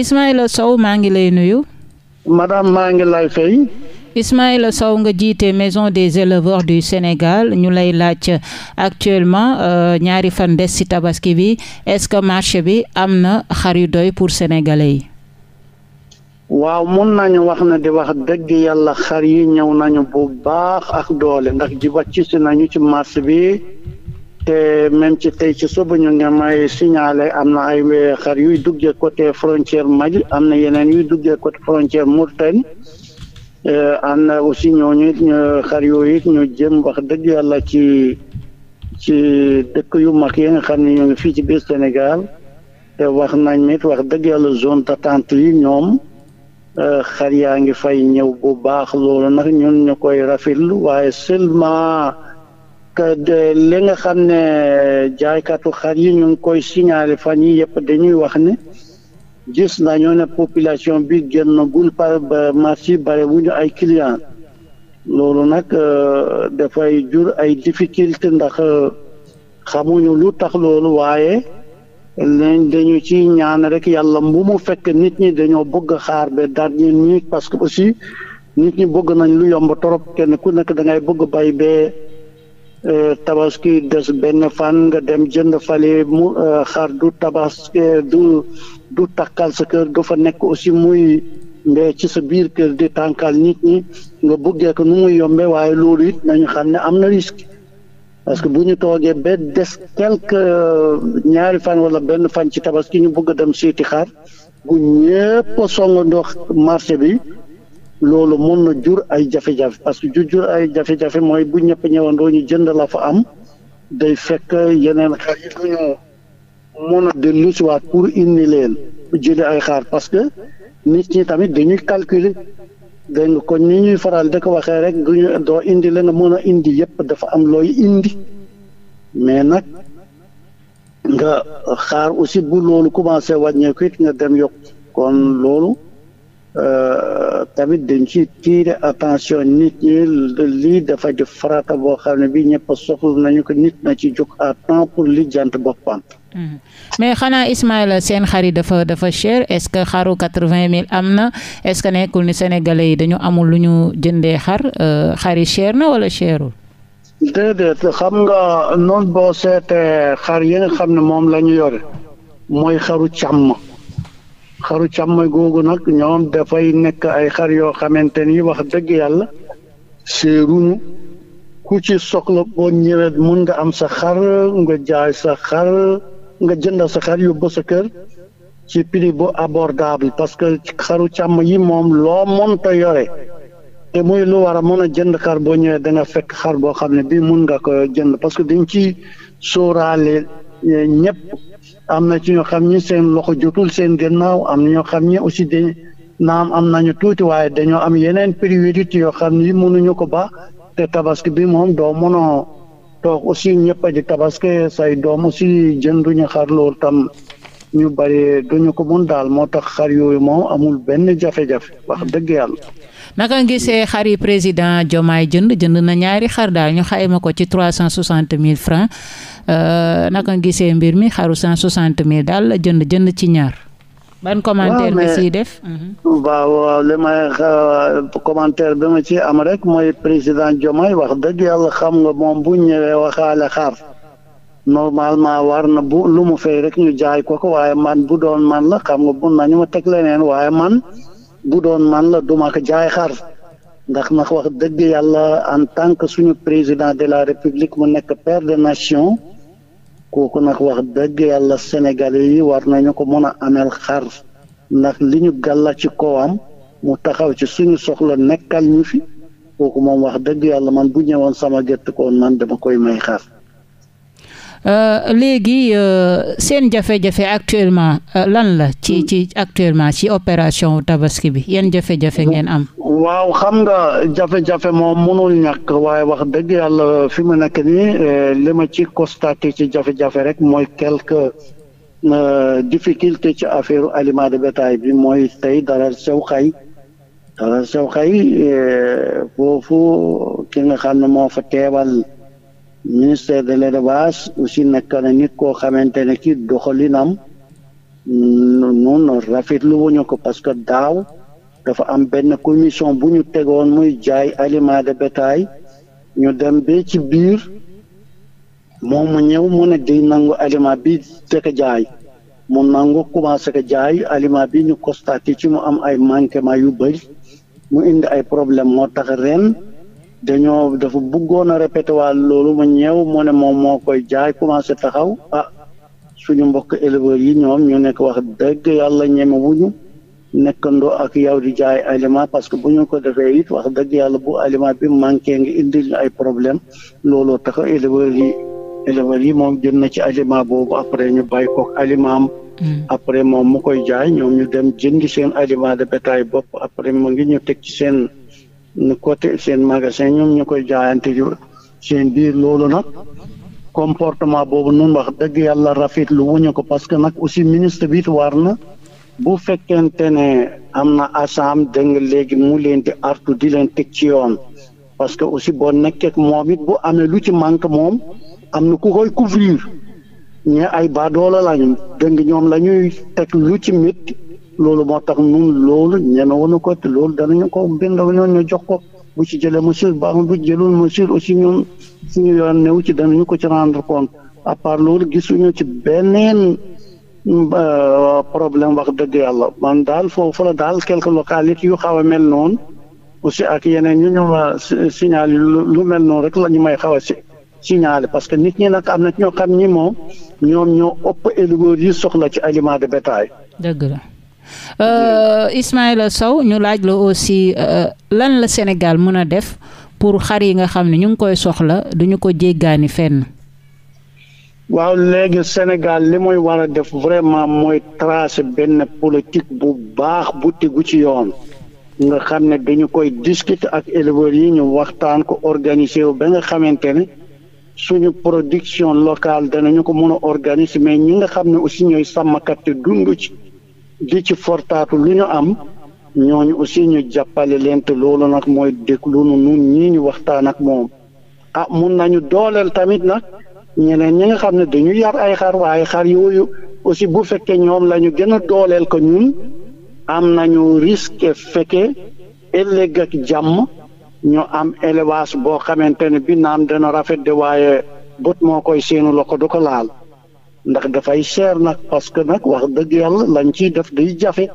Ismaïla Sow maa ngi lay nuyu. madame maa ngi lay fay. Ismaïla Sow nga jiite maison des éleveurs du Sénégal ñu lay laaj actuellement euh, ñaari fan des ci tabaski bi est-ce que marché bi am na xar yu doy pour sénégalais yi. waaw mun nañu wax ne di wax dëgg yàlla xar yi ñëw nañu bu baax ak doole ndax ji wàcc si nañu ci marché bi. te même ci tey ci suba ñu ngi may signalé am na ay wee xar yuy duggee côté frontière Mali am na yeneen yuy duggee côté frontière Mauritanie euh, am na aussi ñooñu it xar yooyu it ñu jëm wax dëgg yàlla ci ci dëkk yu mag yi nga xam ne ñu ngi fii ci biir Sénégal te wax nañ nit wax dëgg yàlla zone d'attente yi ñoom euh, xar yaa ngi fay ñëw bu baax loolu nag ñun ñu koy rafetlu waaye seulement. li nga xam ne euh, jaaykatu xar yi ñu ngi koy signaler fan yi yëpp dañuy wax ni gis nañoo ne population bi génn gul par marché bare wuñu ay client loolu nag euh, dafay jur ay difficulté ndax euh, xamuñu lu tax loolu waaye léegi dañu ci ñaan rek yàlla bu mu fekk nit ñi dañoo bëgg xaar ba dernière minute parce que aussi nit ñi bëgg nañ lu yomb trop kenn ku nekk da ngay bëgg bay bee Eh, tabaski des benn fan nga dem jënd fale mu eh, xar du tabaski eh, du du takkal sa kër du fa nekk aussi muy mais ci sa biir kër di tànkal nit ñi nga buggee ko nu muy yombe waaye loolu it nañu xam ne am na risque parce que bu ñu toogee ba des quelque ñaari fan wala benn fan ci tabaski ñu bugg a dem seeti xar bu song songandoo marché bi loolu mën na jur ay jafe-jafe parce que jur jur ay jafe-jafe mooy bu ñëpp ñëwandoo ñu jënd la fa am day fekk yeneen xar yi du ñu na a dellu pour indi leen ay xaar parce que nit ñi tamit dañuy calculer dégg nga kon ni ñuy faral di ko waxee rek du doo indi la nga mën a indi yëpp dafa am looy indi mais nag nga xaar aussi bu loolu commencé wàññeeku it nga dem yokk kon loolu. Euh, tamit dañ ci tiire attention nit ñi lii dafa di farata boo xam ne bi ñëpp soxla nañu ko nit na ci jóg à temps pour li jant boppam hmm. mais xanaa Ismaïla seen xar yi dafa dafa cher est-ce que xaru quatre-vingt mille am na est-ce que nekkul ni sénégalais yi dañu amul lu ñu jëndee xar euh, xar yi na wala cherul déedéet xam nga noonu boo seetee xar yi xam ne moom la yore mooy xaru càmm xaru càmm googu nag ñoom dafay nekk ay xar yoo xamante ni wax dëgg yàlla seeruñu ku ci soxla boo ñëwee mun nga am sa xar nga jaay sa xar nga jëndal sa xar yóbbu sa kër ci prix bu abordable parce que xaru càmm yi moom loo mënta yore te muy lu war a mën a jënd xar boo ñëwee da nga fekk xar boo xam ne bii mun nga ko jënd parce que dañ ci sóoraale am na ci ñoo xam ñi seen loxo jotul seen gannaaw am ñoo xam ñi aussi dañ naam am nañu tuuti waaye dañoo am yeneen priorité yoo xam ni mënuñu ko ba te tabaski bi moom doo mënoo toog aussi ñëpp a di tabaske say doom aussi jënduñu xar loolu tam ñu bari duñu ko mun daal moo tax xar yooyu moom amul benn jafe-jafe wax dëgg yàlla. naka gisee xar yi président Diomaye jënd jënd na ñaari xar daal ñu xayma ko ci trois cent soixante mille francs Euh, naka nga mbir mi xaru cent soixante mille daal jënd jënd ci ñaar. ban commentaire nga siy def. Mhm. waaw li may euh, commentaire bi ma ci am rek mooy président Diomaye wax dëgg yàlla xam nga moom bu ñëwee waxaale xaar normalement war na bu lu mu fay rek ñu jaay ko ko waaye man bu doon man la xam nga bu nañu ma teg leneen waaye man bu doon man la duma ko jaay xar ndax nag wax dëgg yàlla en tant que suñu président de la république mu nekk père de nation kooku nag wax dëgg yàlla sénégalais yi war nañu ko mën a ameel xar ndax li ñu gàlla ci kowam mu taxaw ci suñu soxla nekkal ñu fi kooku moom wax dëgg yàlla man bu ñëwoon sama gerte koon man dama koy may xar Euh, léegi euh, seen jafe-jafe actuellement euh, lan la ci ci actuellement ci opération tabaski bi yan jafe-jafe ngeen am. waaw xam nga jafe-jafe moom mënul ñàkk waaye wax dëgg yàlla fi mu nekk nii li ma ci constaté ci jafe-jafe rek mooy quelque. difficulté ci affaire aliment de bétail bi mooy tey dara sew xay dara sew xay foofu ki nga xam ne moo fa teewal ministère de l'élevage aussi nekk na nit koo xamante ne kii doxalinam mm, nun rafetlu wuñu ko parce que daaw dafa am benn commission bu ñu tegoon muy jaay aliment de bétail ñu dem bi ci biir moom mu ñëw mu di nangu aliment bi fekk jaay mu nangu commencé ko jaay aliment bi ñu constaté ci mu am ay manquement yu bëri mu indi ay problème moo tax ren dañoo dafa buggoon a répété waa loolu ma ñew mu ne moom moo koy jaay commencé taxaw ah suñu mbokk éleveurs yi ñoom ñu nekk wax dëgg yàlla ñeme nekkandoo ak yow di jaay aliment parce que bu ñu ko defee it wax dëgg yàlla bu aliment bi manqué nga indil ay problème looloo tax éleveurs yi éleveurs yi moom jën na ci aliment boobu après ñu bàyyi ko aliment mm. après moom mu koy jaay ñoom ñu dem jëndi seen aliment de bétail bopp après mu ngi ñu teg ci seen côté seen magasin ñoom ñu koy jaayante ji seen biir loolu nag comportement boobu noonu wax dëgg yàlla rafetlu wuñu ko parce que nag aussi ministre bi it war na bu fekkente ne am na asam dégg nga léegi mu leen di artu di leen teg ci yoon parce que aussi boo nekkee moom it bu amee lu ci manque moom am na ku koy couvrir ñe ay baadoola lañu dégg ñoom la teg lu ci métti loolu moo tax ñun loolu ñemewuñu ko te loolu danañu ko bind ñoon ñu jox ko bu ci jëlee mesure baax na bu jëlul mesure aussi ñun ñu yoon new ci danañu ko ci rendre compte à part loolu gisuñu ci beneen euh, problème wax dëgg yàlla man daal foofu la daal quelques localités yu xaw a mel noon aussi ak yeneen ñu ñu ma signalé lu mel noonu rek la ñu may xaw a si signalé parce que nit ñi nag am na ñoo xam ñi moom ñoom ñoo ëpp éleveurs yi soxla ci aliment de bétail. Euh, Ismaïla Sow ñu laaj la aussi euh, lan la Sénégal mën a def pour xar yi nga xam ne ñu ngi koy soxla duñu ko jéggaani fenn. waaw léegi Sénégal li muy war a def vraiment mooy tracer benn politique bu baax bu tegu ci yoon nga xam ne dañu koy discuter ak éleveurs yi ñu waxtaan ko organiser wu ba nga xamante ne suñu production locale danañu ko mën a organiser mais ñi nga xam ne aussi ñooy sàmmkat te dund ci. di ci fortaatu lu ñu am ñoo ñu aussi ñu jàppale leen te loolu nag mooy déglu nu nun ñii ñu waxtaan ak moom ah mun nañu dooleel tamit nag ñeneen ñi nga xam ne dañu yar ay xar waaye xar yooyu aussi bu fekkee ñoom la ñu gën a dooleel ko ñun am nañu risk fekke ëllëg ak jàmm ñu am élevage boo xamante ne bi naam dana rafet de waaye bët moo koy seenu loko du ko laal ndax dafay cher nag parce que nag wax dëgg yàlla lañ ciy def day jafe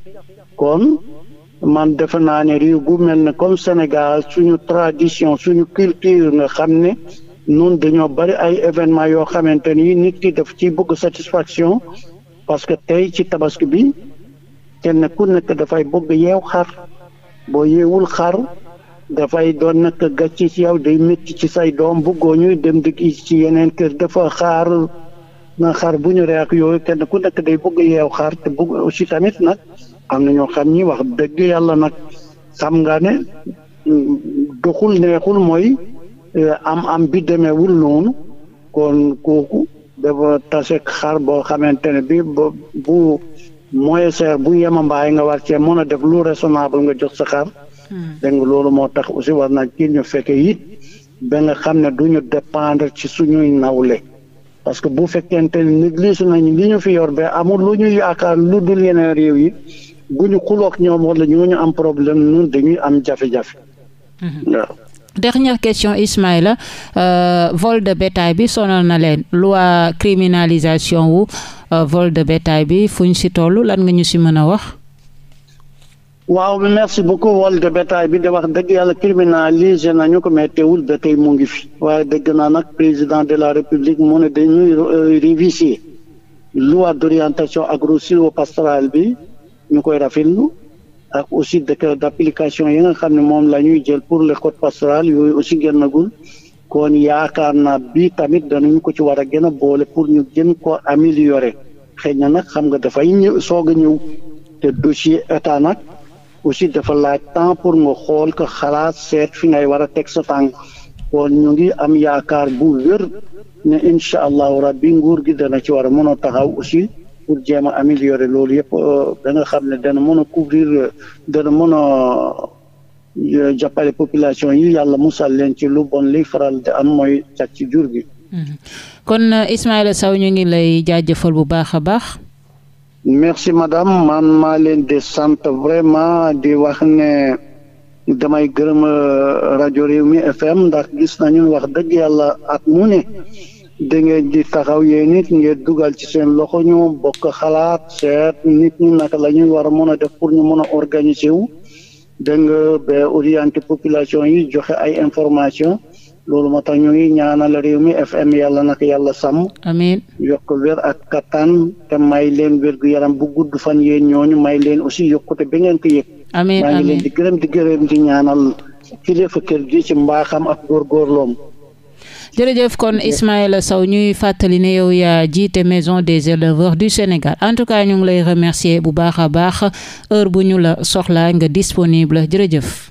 kon man defe naa ne réew gu mel ne comme Sénégal suñu tradition suñu culture nga xam ne nun dañoo bari ay événement yoo xamante ni nit ki daf ciy bëgg satisfaction parce que tey ci tabaski bi kenn ku nekk dafay bëgg yeew xar boo yeewul xar dafay doon nag gàcce ci yow day métti ci say doom bëggoo ñuy dem di ci yeneen kër dafa xaar na xar bu ñu ree ak yooyu kenn ku nekk day bëgg yeew xar te bëgg aussi tamit nag am na ñoo xam ñi wax dëgg yàlla nag xam nga ne mm, doxul neexul mooy eh, am am bi demeewul noonu kon kooku dafa taseeg xar boo xamante ne bi bu mooy seer bu yemambaay nga war cee mën a def lu raisonnable nga jox sa xar hmm. dégg loolu moo tax aussi war na ci ñu fekke it ba nga xam ne du ñu dépendre ci suñuy nawle parce que bu fekkente ni liisu nañu li ñu fi yor ba amul lu ñu yaakaar lu dul yeneen réew yi bu ñu xuloog ñoom wala ñooñu am problème ñun dañuy am jafe-jafe. Mhm. waaw. dernière question Ismaïla euh, vol de bétail bi sonal na leen loi criminalisation wu euh, vol de bétail bi fu ñu si toll lan nga ñu si mën a wax. waaw merci beaucoup wol de bétail bi di wax dëgg yàlla criminalisé nañu ko mais teewul ba mu ngi fi waaye dëgg naa nag président de la république mu ne dañuy euh, réviser loi d'orientation agro-sylvo-pastorale bi ñu koy rafetlu ak aussi décret d'application yi nga xam ne moom la ñuy jël pour le code pastoral yooyu aussi génnagul kon yaakaar naa bi tamit danañu ko ci war a gën a boole pour ñu gën ko améliorer xëy na nag xam nga dafay ñëw soog a ñëw te dossier état nag. aussi dafa laaj temps pour nga xool ko xalaat seet fi ngay war a teg sa tànk kon ñu ngi am yaakaar bu wér ne incha allahu rabbi nguur gi dana ci war a mën a taxaw aussi pour jéem a améliorer loolu yëpp da euh, nga xam ne dana mën a couvrir dana mën a euh, jàppale population yi yàlla musal leen ci lu bon liy faral di am mooy càcc ci jur gi. Mm-hmm. kon euh, Ismaïla Sow ñu ngi lay jaajëfal bu baax a baax. merci madame man maa leen di sant vraiment di wax ne damay gërëm euh, rajo Rewmi FM ndax gis nañu wax dëgg yàlla at mu ne da di taxaw yéen it ngeen dugal ci seen loxo ñu bokk xalaat seet nit ñu naka la ñuy war a mën a def pour ñu mën a organiser wu dégg nga ba orienté yi joxe ay information loolu moo tax ñu ngi ñaanal réew mi FM yàlla naka yàlla sàmm. amiin yokk wér ak kattan te may leen wér gu yaram bu gudd fan yéen ñooñu may leen aussi yokkute bi ngeen ko yëg. amiin maa di gërëm di gërëm di ñaanal kilifa kër gi ci mbaaxam ak góorgóorloom. jërëjëf kon Ismaïla saw ñuy fàttali ne yow yaa jiite maison des éleveurs du Sénégal en tout cas ñu lay remercier bu baax a baax heure bu ñu la soxlaa nga disponible jërëjëf.